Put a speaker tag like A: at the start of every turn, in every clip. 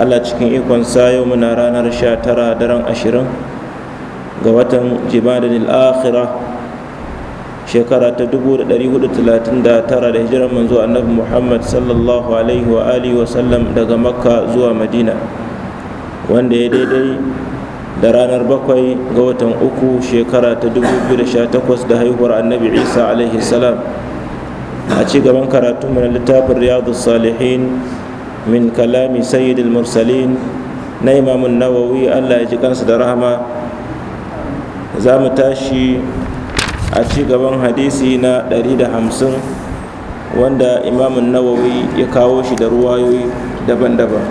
A: Allah cikin ikon sayo muna ranar 19 daren ashirin ga watan jimadin al'akhira shekara ta 1439 da hijirar manzo annabi Muhammad sallallahu alaihi wa alihi wa sallam daga makka zuwa madina wanda ya daidai da ranar bakwai ga watan uku shekara ta 2018 da haihuwar annabi isa alaihi salam a ci gaban karatunmu na littafin riyadu salihin min kalami sayyidil mursalin na imamun nawawi allah ya ji kansa da rahama za mu tashi a ci gaban hadisi na 150 wanda imamun nawawi ya kawo shi da ruwayoyi daban-daban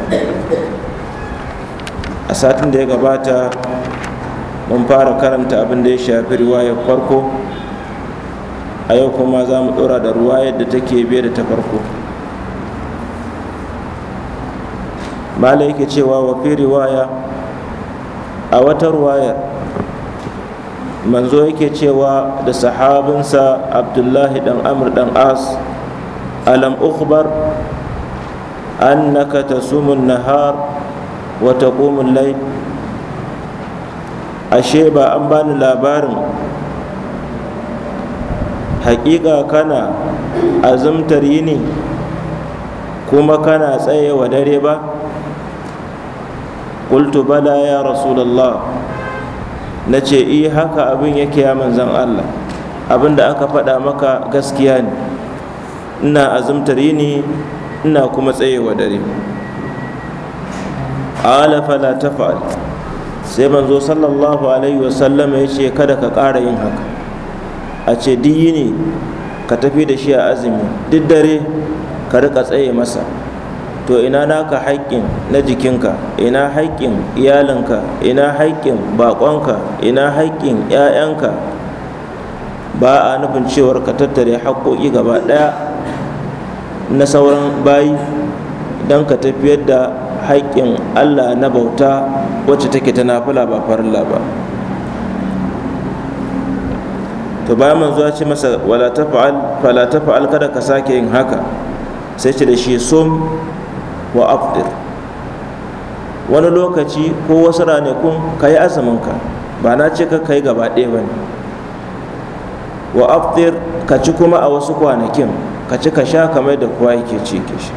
A: a satin da ya gabata mun fara karanta abin da ya shafi riwayar farko a yau kuma za mu dora da ruwayar da take biye da ta farko malai yake cewa wa fi riwaya a wata ruwayar manzo yake cewa da sahabinsa abdullahi dan amr dan as alam ukhbar annaka tasumun nahar wa taqumun layl ashe ba an bani labarin hakika kana azumtar yini kuma kana tsaye wa dare ba qultu bala ya rasulullah ce iya eh, haka abin yake ya zan Allah abin da aka faɗa maka gaskiya ne ina azumtar yini ina kuma tsayewa dare ala fala tafa'al sai manzo sallallahu alaihi wasallam ya ce kada ka ƙara yin haka a ce duk yini ka tafi da shi a azumi duk dare ka rika tsaye masa to ina naka haƙƙin na jikinka ina haƙƙin iyalinka ina haƙƙin baƙonka ina haƙƙin 'ya'yanka ba a nufin cewar ka tattare haƙƙoƙi gaba ɗaya na sauran bayi don ka tafiyar da haƙƙin allah na bauta wacce take ta nafila ba farilla ba to bayan manzo ya ce masa wala ta fa'al kada ka sake yin haka sai ce da shi sum wa afdir wani lokaci ko wasu ranakun ka yi azuminka ba na ce ka kai gaba ɗaya ba ne wa afdir ka ci kuma a wasu kwanakin ka ci ka sha kamar da kowa yake ci ke shi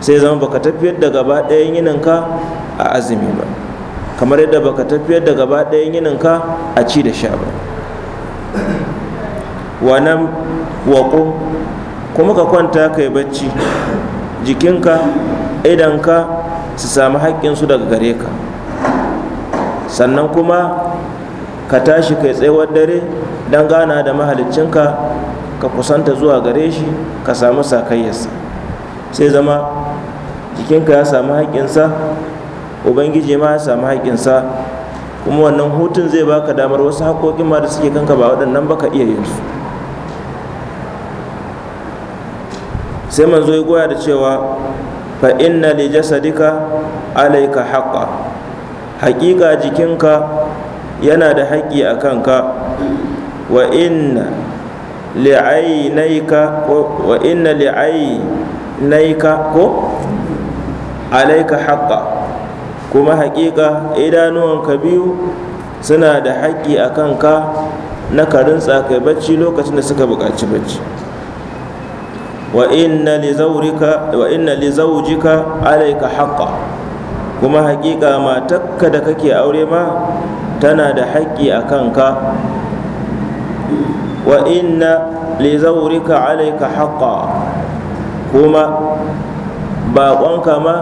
A: sai zama baka tafiyar da gaba ɗayan yininka a azumi ba kamar yadda baka tafiyar da gaba ɗayan yininka a ci da sha ba wa nan waƙo kuma ka kwanta ka yi bacci jikinka idanka su sami haƙƙinsu daga gare ka sannan kuma ka tashi kai tsayuwar dare don gana da mahalicinka ka kusanta zuwa gare shi ka samu sakayyarsa sai zama jikinka ya samu haƙƙinsa ubangiji ma ya samu haƙƙinsa kuma wannan hutun zai baka damar wasu haƙoƙin ma da suke kanka ba waɗannan ba ka iya yin su sai manzo ya goya da cewa fa inna li jasadika alayka haqqa haƙiƙa jikinka yana da haƙƙi a kanka wa inna li'ainaika wa inna li'ainaika ko alayka haqqa kuma haƙiƙa idanuwanka biyu suna da haƙƙi a kanka na karin tsakai kai bacci lokacin da suka buƙaci bacci wa inna li zawrika wa inna li alayka haqqan kuma hakika matakka da kake aure ma tana da haƙƙi a kanka wa inna li zaurika alayka haqqan kuma baƙonka ma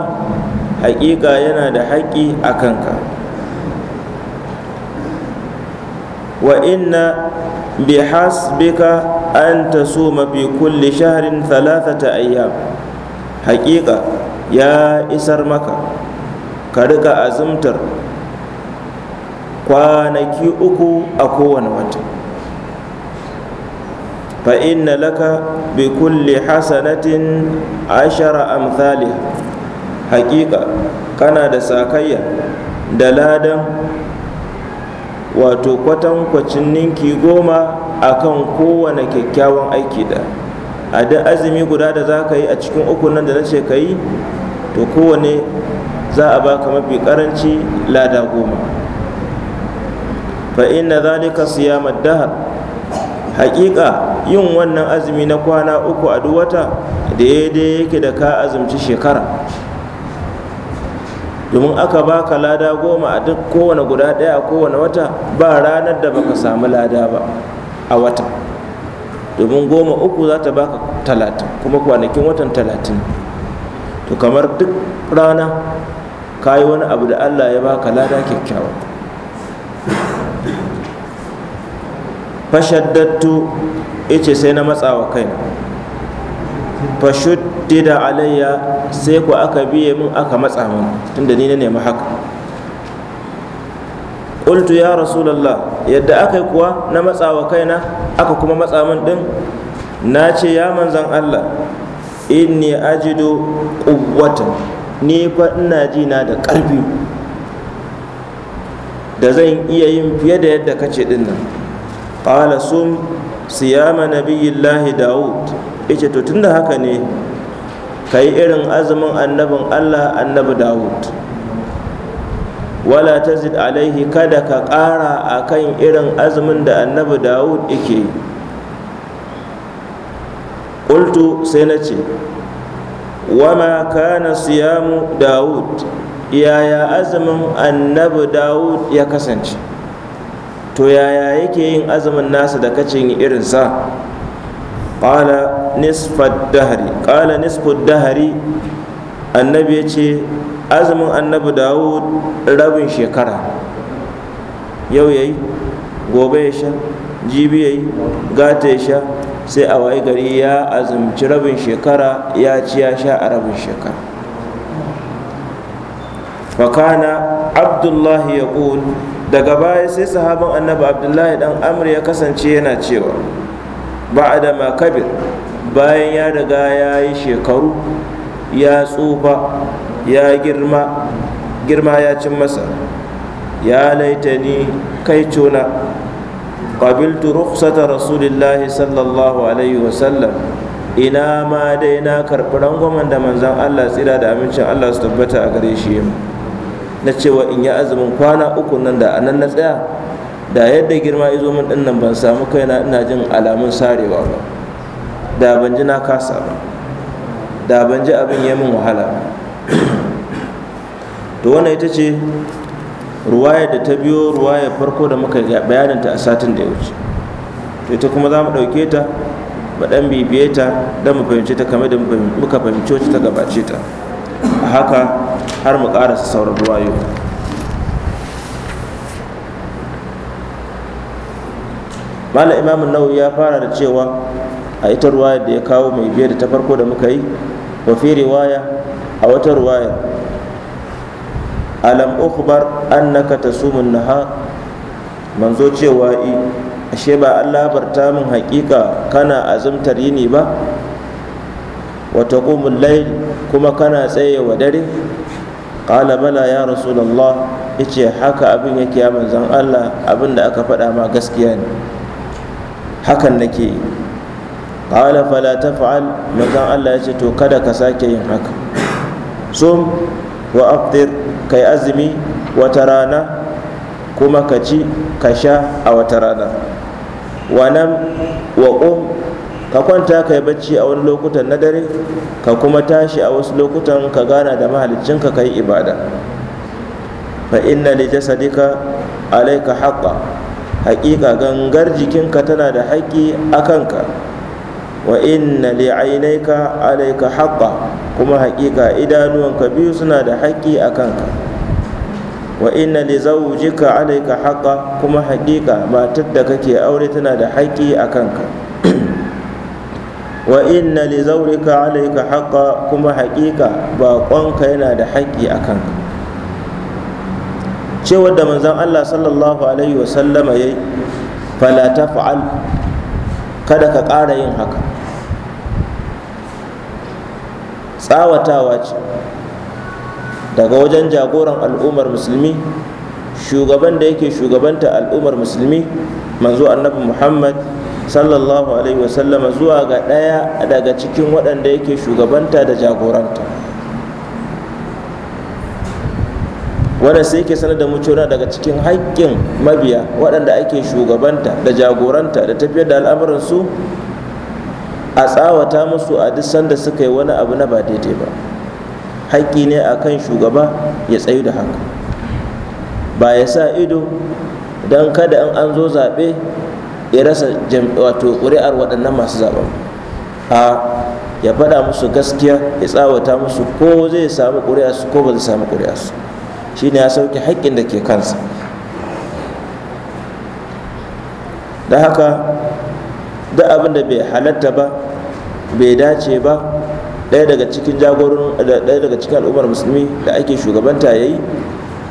A: hakika yana da haƙƙi a kanka wa inna bihasbika an ta so kulle shaharin shahrin ta ayyam haƙiƙa ya isar maka ka riƙa azumtar kwanaki uku a kowane wata fa inna laka bi kulli hasanatin ashara amthaliha haƙiƙa kana da sakayya da ladan wato kwatankwacin ninki goma akan kowane kyakkyawan aiki da a da azumi guda da za ka yi a cikin uku nan da na ce ka yi to kowane za a baka mafi karanci lada goma fa inna ka siya dahar haƙiƙa yin wannan azumi na kwana uku a duk wata daidai yake da ka azumci shekara domin aka baka lada goma a duk kowane guda ɗaya a kowane wata ba ranar da baka samu lada ba a wata domin goma uku za ta baka talatin kuma kwanakin watan talatin to kamar duk rana ka yi wani abu da allah ya baka lada kyakkyawa fashaddattu ice sai na matsawa kai fashuddida alayya sai ku aka biye min aka matsa min tunda ni na nemi haka qultu ya rasulallah yadda aka yi kuwa na matsawa kaina aka kuma matsa min din na ce ya manzan Allah inni ajidu quwwatan ni fa ina ji na da ƙarfi da zan iya yin fiye da yadda kace din nan qala sum siyama nabiyillahi daud yace to tunda haka ne kai irin azumin annabin Allah annabi Dawud. wala ta zid alaihi kada ka ƙara kan irin azumin da annabi dawud yake qultu sai na ce wama kana siyamu dawud yaya azumin annabi dawud ya kasance to yaya yake yin azumin nasa da kacin irinsa ƙala nisfar dahari ƙala nisfar dahari annabi ya ce azumin annabi dawud rabin shekara yau yayi gobe ya sha jibi yayi gata ya sha sai a wayi gari ya azumci rabin shekara ya ci ya sha a rabin shekara fakana abdullahi ya daga baya sai sahabin annabi abdullahi dan amri ya kasance yana cewa ba'ada da makabir bayan ya riga ya yi shekaru ya tsufa ya girma girma ya cin masa ya laitani kai cuna qabiltu rukhsata rasulillahi sallallahu alaihi wasallam ina ma dai na karɓi rangwamen da manzan Allah tsira da amincin Allah su tabbata a gare shi na cewa in yi azumin kwana uku nan da anan na tsaya da yadda girma izo min ɗin nan ban samu kaina ina jin alamun sarewa ba da ban ji na kasa ba da ban ji abin ya min wahala ba to wannan ita ce ruwaya da ta biyo ruwaya farko da muka bayaninta a satin da ya wuce ita kuma za mu ɗauke ta mu ɗan bibiye ta don mu fahimce ta kamar da muka fahimci wacce ta gabace ta a haka har mu ƙarasa sauran ruwayo mala Imam nawawi ya fara da cewa a ita ruwaya da ya kawo mai biye da ta farko da muka yi wa fi riwaya a wata ruwaya alam ukhbar annaka tasumun naha manzo cewa i ashe ba alabarta min haƙiƙa kana azumtar yini ba wa taqumul layl kuma kana tsaye wa dare qala bala ya rasulullah yace haka abin yake ya manzon Allah abin da aka faɗa ma gaskiya ne hakan nake qala fala taf'al manzon Allah yace to kada ka sake yin haka sum wa afdir kai azumi wata rana kuma ka ci ka sha a wata rana wa nan wa ƙum ka kwanta ka yi bacci a wani lokutan na dare ka kuma tashi a wasu lokutan ka gana da mahaliccinka ka yi ibada fa inna li jasadika alaika haqqa haƙiƙa gangar jikinka tana da haƙƙi a kanka wa inna li ainaika alaika haqqa kuma haƙiƙa idanuwanka biyu suna da haƙƙi a kanka wa inna li zawjika alayka haqqa kuma haƙiƙa matar da kake aure tana da haƙƙi a kanka wa inna li zawrika alayka haqqa kuma haƙiƙa baƙonka yana da haƙƙi a kanka cewar da manzon Allah sallallahu alaihi wa sallama yayi fala taf'al kada ka ƙara yin haka tsawatawa ce daga wajen jagoran al'ummar musulmi shugaban da yake shugabanta al'ummar musulmi manzo annabi muhammad sallallahu alaihi wasallam zuwa ga ɗaya daga cikin waɗanda yake shugabanta da jagoranta wanda sai yake sanar da mu cewa daga cikin haƙƙin mabiya waɗanda ake shugabanta da jagoranta da tafiyar da al'amuransu a tsawata musu a duk sanda suka yi wani abu na ba daidai ba haƙƙi ne a kan shugaba ya tsayu da haka ba ya sa ido don kada in an zo zaɓe ya rasa wato ƙuri'ar waɗannan masu zaɓen a ya faɗa musu gaskiya ya tsawata musu ko zai samu ƙuri'arsu ko ba zai samu ƙuri'arsu shine ya sauke haƙƙin da ke kansa da haka da abin da bai halatta ba bai dace ba ɗaya daga cikin jagorin ɗaya daga cikin al'ummar musulmi da ake shugabanta yayi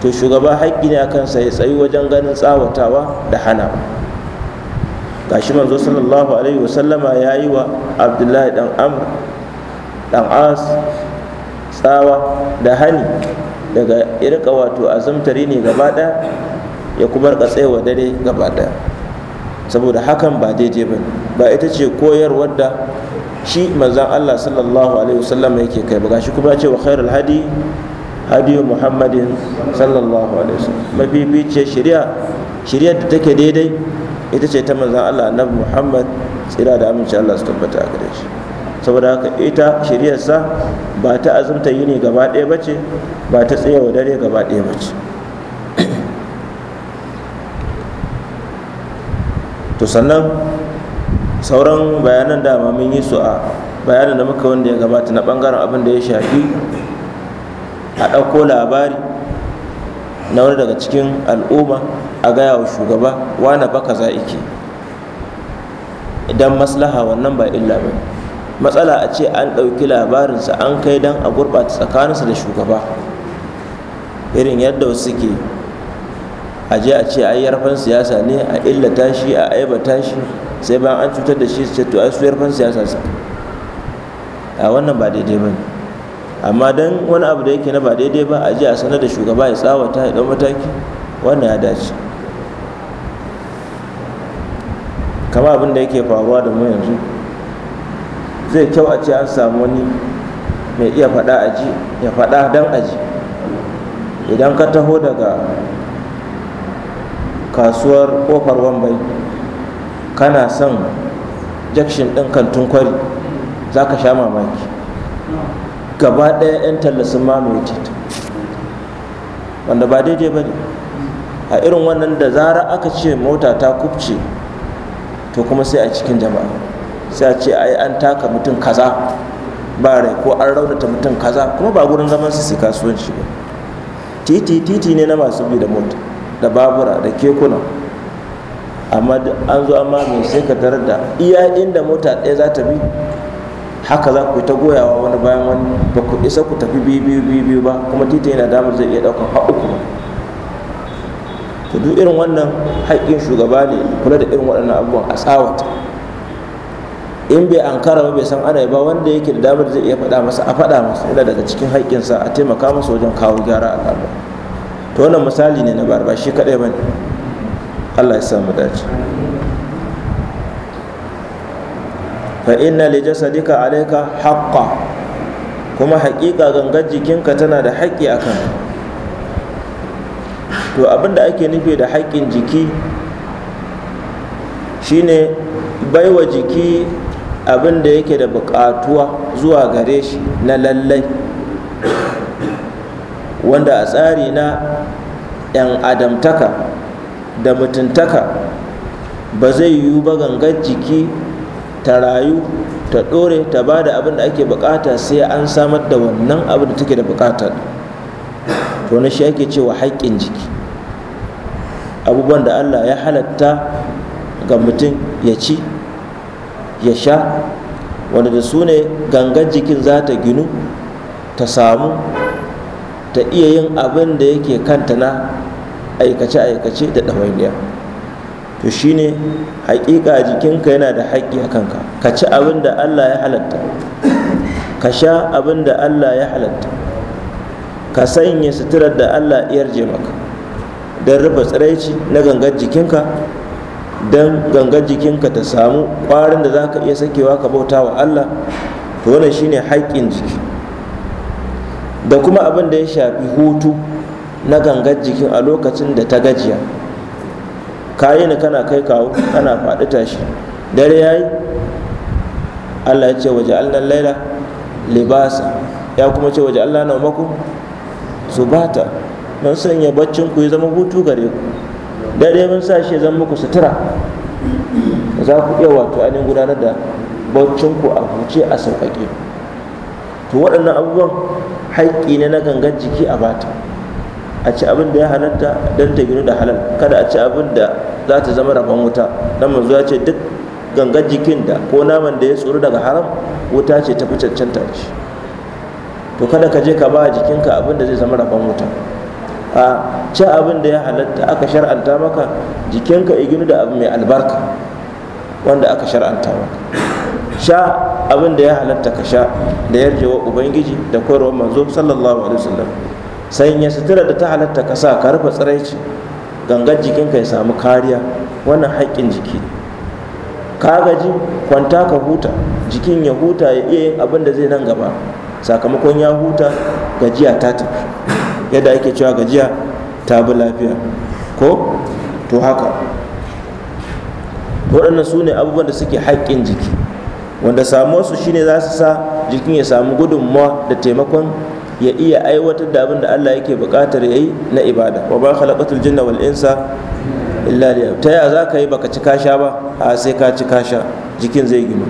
A: to shugaba haƙƙi ne akan sa ya tsayi wajen ganin tsawatawa da hana gashi manzo sallallahu alaihi wasallama ya yi wa abdullahi dan amr dan as tsawa da hani daga irka wato azumtari ne gaba ɗaya ya kuma rika tsayawa dare gaba ɗaya saboda hakan ba daidai ba ba ita ce koyarwar da shi manzan Allah sallallahu alaihi wasallam yake kai ba gashi kuma ce wa khairul hadi hadiyu muhammadin sallallahu alaihi wasallam mafificiyar shari'a shari'ar da take daidai ita ce ta manzan Allah annabi muhammad tsira da amince Allah su tabbata a gare shi saboda haka ita shari'arsa ba ta azumta yini gaba ɗaya ba ce ba ta tsaye wa dare gaba ɗaya ba ce to sannan sauran bayanan da mun yi su a bayanan da muka wanda ya gabata na bangaren abin da ya shafi a ɗauko labari na wani daga cikin al'umma a gaya wa shugaba wane baka za ike idan maslaha wannan ba illa ba matsala a ce an ɗauki labarinsa an kai don a gurɓata tsakaninsa da shugaba irin yadda wasu ke a je a ce ai yarfan siyasa ne a illa shi a aibata shi sai bayan an cutar da shi su ce to ai su yarfan siyasa su a wannan ba daidai ba amma dan wani abu da yake na ba daidai ba a je a sanar da shugaba ya tsawata ya ɗau mataki wannan ya dace kama abin da yake faruwa da mu yanzu zai kyau a ce an samu wani mai iya faɗa aji ya faɗa dan aji idan ka taho daga kasuwar kofar wambai kana son jakshin ɗin kantin kwari za ka sha mamaki gaba ɗaya 'yan tallasin mamaye titi wanda ba daidai ba ne a irin wannan da zara aka ce mota ta kubce to kuma sai a cikin jama'a sai a ce ai an taka mutum kaza ba rai ko an raunata mutum kaza kuma ba gurin zaman su kasuwanci ba titi titi ne na masu bi da mota da babura da kekuna amma an zo amma mai sai ka tarar da iya inda mota ɗaya za ta bi haka za ku ta goyawa wani bayan wani ba ku isa ku tafi biyu biyu biyu biyu ba kuma titi yana damar zai iya ɗaukar haɗu kuma to duk irin wannan haƙƙin shugaba ne kula da irin waɗannan abubuwan a tsawata in bai an kara ba bai san ana ba wanda yake da damar zai iya faɗa masa a faɗa masa yana daga cikin haƙƙinsa a taimaka masa wajen kawo gyara al'adu. to wannan misali ne na bar ba shi kadai bane Allah ya samu dace fa inna li jasadika alayka haqqan kuma haƙiƙa gangar jikinka tana da haƙƙi akan to abinda ake nufi da haƙƙin jiki shine baiwa jiki abin da yake da buƙatuwa zuwa gare shi na lallai wanda a tsari na 'yan adamtaka da mutuntaka ba zai yiwu ba gangar jiki ta rayu ta ɗore ta ba da abin da ake bukata sai an samar da wannan abin da take da bukata to na shi ake cewa haƙƙin jiki abubuwan da allah ya halatta ga mutum ya ci ya sha wanda da su ne gangar jikin za ta ginu ta samu ta iya yin abin da yake kanta na aikace-aikace da ɗawainiya to shine haƙiƙa jikinka yana da haƙƙi a kanka ka ci abin da allah ya halatta ka sha abin da allah ya halatta ka sanya suturar da allah ya yarje maka don rufe tsiraici na gangar jikinka don gangar jikinka ta samu ƙwarin da za ka iya sakewa ka bauta wa allah to wannan shine haƙƙin jiki da kuma abin da ya shafi hutu na gangar jikin a lokacin da ta gajiya kayi ni kana kai kawo kana faɗi tashi dare yayi Allah ya ce waje Allah laila libasa ya kuma ce waje Allah na maku subata don sanya baccin ku ya zama hutu gare ku dare mun sa shi zan muku sutura za ku iya wato ainihin gudanar da baccin ku a huce a sauƙaƙe to waɗannan abubuwan haƙƙi ne na gangan jiki a bata a ci abin da ya halatta don ta ginu da halal kada a ci abin da za ta zama rabon wuta don manzo ya ce duk gangan jikin da ko naman da ya tsoro daga haram wuta ce ta fi cancanta da shi to kada ka je ka ba jikinka abin da zai zama rabon wuta a ci abin da ya halatta aka shar'anta maka jikinka ya ginu da abu mai albarka wanda aka shar'anta maka sha abin da ya halatta ka sha da yarjewa ubangiji da koyarwar manzo sallallahu alaihi wasallam ya sutura da ta halatta ka sa ka rufe tsiraici gangar jikinka ya samu kariya wannan haƙƙin jiki ka gaji kwanta ka huta jikin ya huta ya iya yin abin da zai nan gaba sakamakon ya huta gajiya ta tafi yadda ake cewa gajiya ta bi lafiya ko to haka waɗannan su ne abubuwan da suke haƙƙin jiki wanda samuwar su shine za su sa jikin ya samu gudunmawa da taimakon ya iya aiwatar da abin da Allah yake bukatar ya yi na ibada wa ba khalaqatul jinna wal insa illa liya ta ya za ka yi baka ci kasha ba a sai ka ci kasha jikin zai gino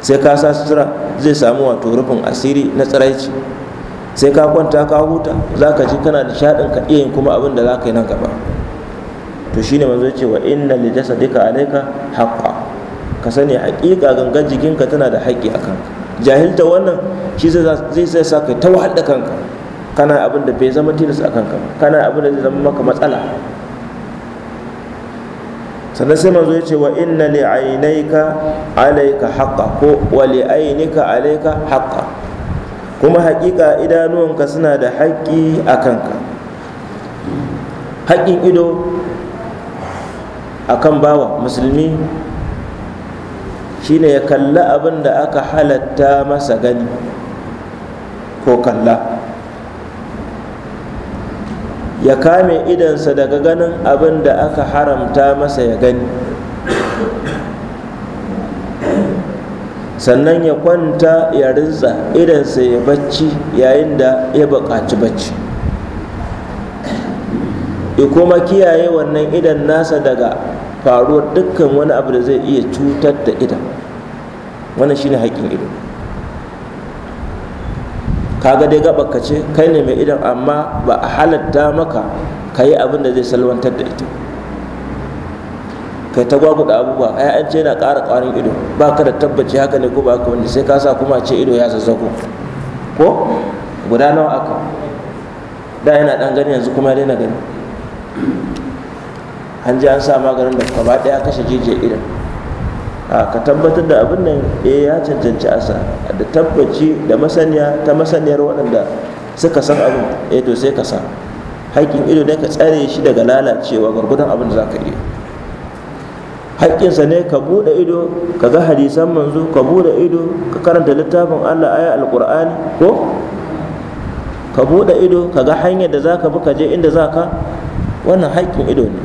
A: sai ka sa sutura zai samu wato rufin asiri na tsiraici sai ka kwanta ka huta za ka ji kana da shaɗin ka iya yin kuma abin da za ka yi nan gaba to shine manzo ce wa inna li jasadika alayka haqqan ka sani hakika gangan jikinka tana da haƙƙi a kanka jahilta wannan shi zai sai sa ka ta wahalda kanka kana abin da bai zama tilas a kanka kana abin da zai zama maka matsala sannan sai manzo ya ce wa inna li ainaika alayka haqqa ko wa li ainika alayka haqqa kuma haƙiƙa idanuwanka suna da haƙƙi a kanka haƙƙin ido akan bawa musulmi shine ya kalla abin da aka halatta masa gani ko kalla ya kame idansa daga ganin abin da aka haramta masa ya gani sannan ya kwanta ya rinsa idansa ya bacci yayin da ya buƙaci bacci ya kuma kiyaye wannan idan nasa daga faruwar dukkan wani abu da zai iya cutar da idan wannan shine haƙƙin ido ka ga dai ka ce kai ne mai idan amma ba a halatta maka ka yi abin da zai salwantar da ita kai ta gwaguda abubuwa ai an ce yana ƙara ƙwarin ido ba ka da tabbaci haka ne ko ba ka wanda sai ka sa kuma ce ido ya zazzago ko guda nawa aka da yana ɗan gani yanzu kuma daina gani an ji an sa maganin da gaba ɗaya kashe jijiyar idan a ka tabbatar da abin nan eh ya cancanci asa da tabbaci da masaniya ta masaniyar waɗanda suka san abin eh to sai ka sa haƙƙin ido ne ka tsare shi daga lalacewa gwargwadon abin da za ka iya haƙƙinsa ne ka buɗe ido ka ga hadisan manzo ka buɗe ido ka karanta littafin allah aya alƙur'ani ko ka buɗe ido ka ga hanyar da za ka bi ka je inda za ka wannan haƙƙin ido ne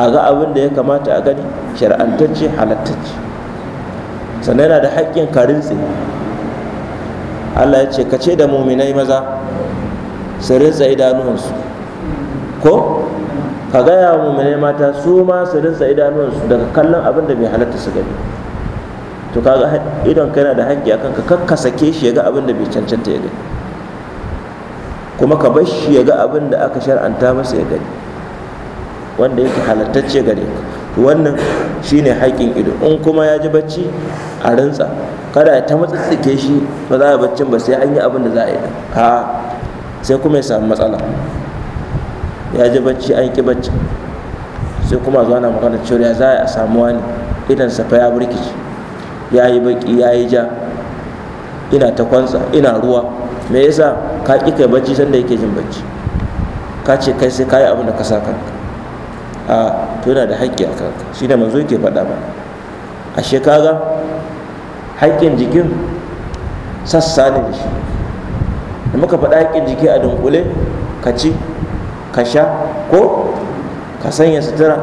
A: a ga abin da ya kamata a gani Shari'antacce halattacce sannan yana da haƙƙin karintse Allah ya ce ka ce da muminai maza su rintsa idanuwansu ko ka gaya wa muminai mata su ma su rinsa idanuwansu daga kallon abin da bai halatta su gani to kaga idon ka yana da haƙƙi akan ka kakkasa ke shi ya ga abin da bai cancanta ya gani kuma ka bar shi ya ga abin da aka shar'anta masa ya gani wanda yake halattacce gare ka wannan shine haƙƙin ido in kuma ya ji bacci a rantsa kada ta matsatsike shi ba za a baccin ba sai an yi abin da za a yi a sai kuma ya samu matsala ya ji bacci an ki bacci sai kuma zuwa na magana cewa ya za a samu wani idan safa ya burkici ya yi baki ya yi ja ina ta kwansa ina ruwa me yasa ka ƙi kai bacci sanda yake jin bacci ka ce kai sai ka yi abin da ka sa kanka a to yana da haƙƙi a kanka shi ne manzo yake faɗa ba A shekara, haƙƙin jikin sassa ne da shi da muka faɗa haƙƙin jiki a dunkule ka ci ka sha ko ka sanya sutura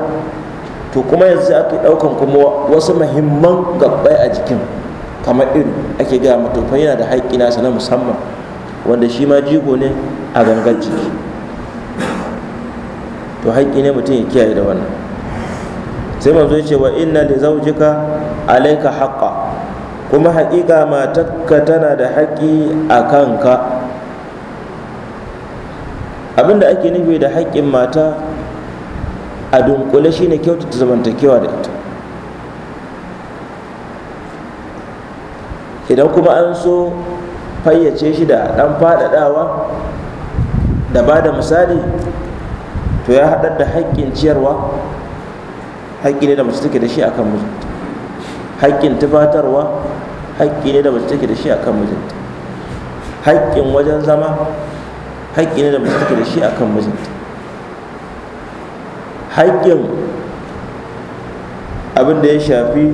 A: to kuma yanzu ake ɗaukan kuma wasu muhimman gabbai a jikin kamar iri ake gaya mutum yana da haƙƙi nasa na musamman wanda shi ma jigo ne a gangar jiki to haƙƙi ne mutum ya kiyaye da wannan sai manzo ya ce wa inna li zawjika alayka haqqa kuma haƙiƙa matarka tana da haƙƙi a kanka abinda ake nufi da haƙƙin mata a dunkule shi shine kyautata zamantakewa da ita idan kuma an so fayyace shi da ɗan faɗaɗawa da ba da misali to ya haɗar da haƙƙin ciyarwa haƙƙi ne da mace take da shi akan mijinta haƙƙin tufatarwa haƙƙi ne da mace take da shi akan mijinta haƙƙin wajen zama haƙƙi ne da mace take da shi akan mijinta haƙƙin abin da ya shafi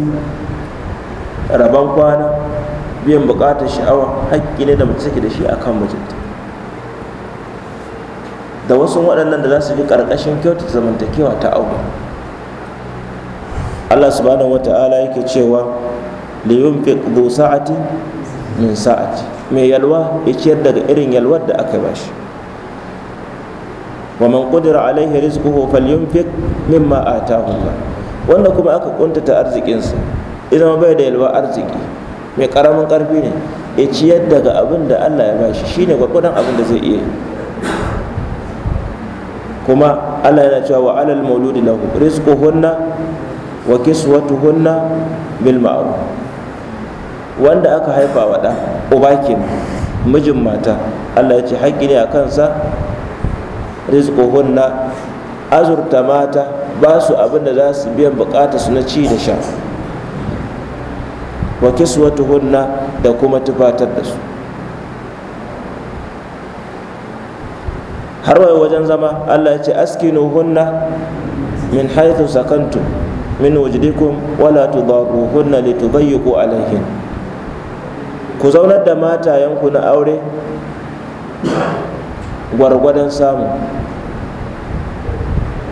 A: rabon kwana biyan buƙatar sha'awa haƙƙi ne da mace take da shi akan mijinta da wasu waɗannan da za su bi ƙarƙashin kyautar zamantakewa ta auku Allah subhanahu wata'ala yake cewa liyun fi dhu sa'ati min sa'ati mai yalwa ya ciyar daga irin yalwar da aka bashi wa man qadira alaihi rizquhu falyunfiq mimma ataahu Allah wanda kuma aka kuntata arzikinsa idan bai da yalwa arziki mai karamin karfi ne ya ciyar daga abin da Allah ya bashi shine gwagwadon abin da zai iya yi kuma Allah yana cewa wa alal mauludi lahu rizquhunna wa kiswatuhunna bil ma'ruf wanda aka haifa wa da mijin mata Allah ya ce haƙƙi ne a kansa rizquhunna azurta mata ba su abin da za su biyan bukata su na ci da sha wa kiswatuhunna da kuma tufatar da su har wayo wajen zama Allah ya ce askinu hunna min haythu sakantu min wajdikum wala hunna litubayyiqu alayhin ku zaunar da yanku na aure gwargwadon samu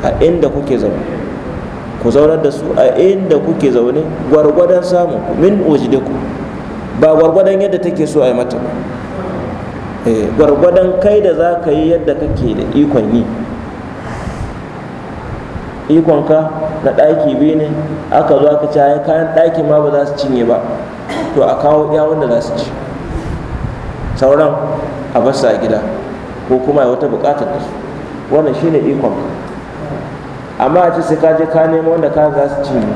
A: a inda kuke zaune ku zaunar da su a inda kuke zaune gwargwadon samu min wajidiku ba gwargwadon yadda take so a yi mata ba Eh, gwargwadon kai da za ka yi yadda kake da ikon yi ikonka na ɗaki biyu ne aka zo aka caya kayan ɗaki ma ba za su cinye ba to a kawo iya wanda za su ci sauran a basu gida ko kuma wata buƙatar da su wannan shine ikonka amma a ce sai ka je ka nemo wanda kayan za su cinye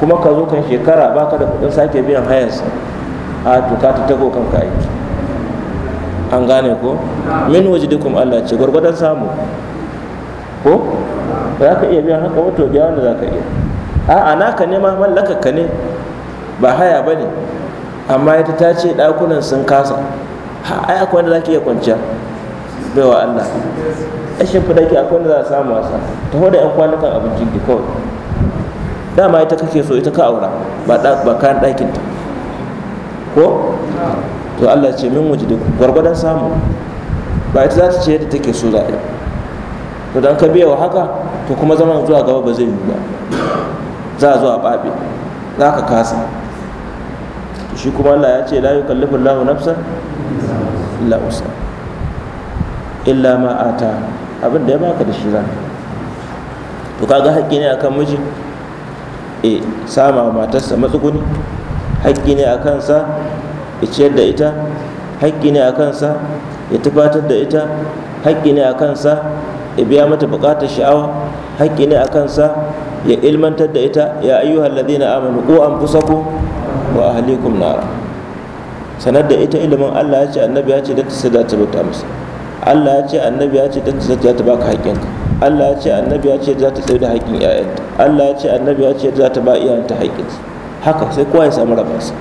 A: kuma ka zo kan shekara baka da kuɗin sake biyan hayarsa a to ka ta tago kanka aiki an gane ko min wajdikum Allah ce gwargwadon samu ko za ka iya biyan haka wato biya wanda za ka iya a'a naka ne ma mallakar ka ne ba haya ba ne amma ita ta ce ɗakunan sun kasa ha ai akwai wanda za iya kwanciya bai wa Allah ai shimfiɗa ki akwai wanda za a samu wasa ta hoda yan kwanukan abincin ki kawai dama ita kake so ita ka aura ba kayan ɗakinta ko to Allah ce min wujudi gwargwadon samu ba ita za ta ce yadda take so za to dan ka biya wa haka to kuma zaman zuwa gaba ba zai yi ba za a zo a babe za ka kasa shi kuma Allah ya ce la kallifin lahu nafsan illa usa illa ma a abin da ya baka da shi za to kaga haƙƙi ne akan miji e sama matarsa matsuguni haƙƙi ne a kansa ya ciyar da ita haƙƙi ne a kansa ya tufatar da ita haƙƙi ne a kansa ya biya mata buƙatar sha'awa haƙƙi ne a kansa ya ilmantar da ita ya ayyuhal ladina amanu ku anfusakum wa ahlikum nara sanar da ita ilimin Allah ya ce annabi ya ce da ta da ta bauta masa Allah ya ce annabi ya ce da ta zata ta baka haƙƙinka Allah ya ce annabi ya ce za ta tsaye da haƙƙin 'ya'yanta Allah ya ce annabi ya ce za ta ba iyayenta haƙƙinsa haka sai kowa ya samu rabansa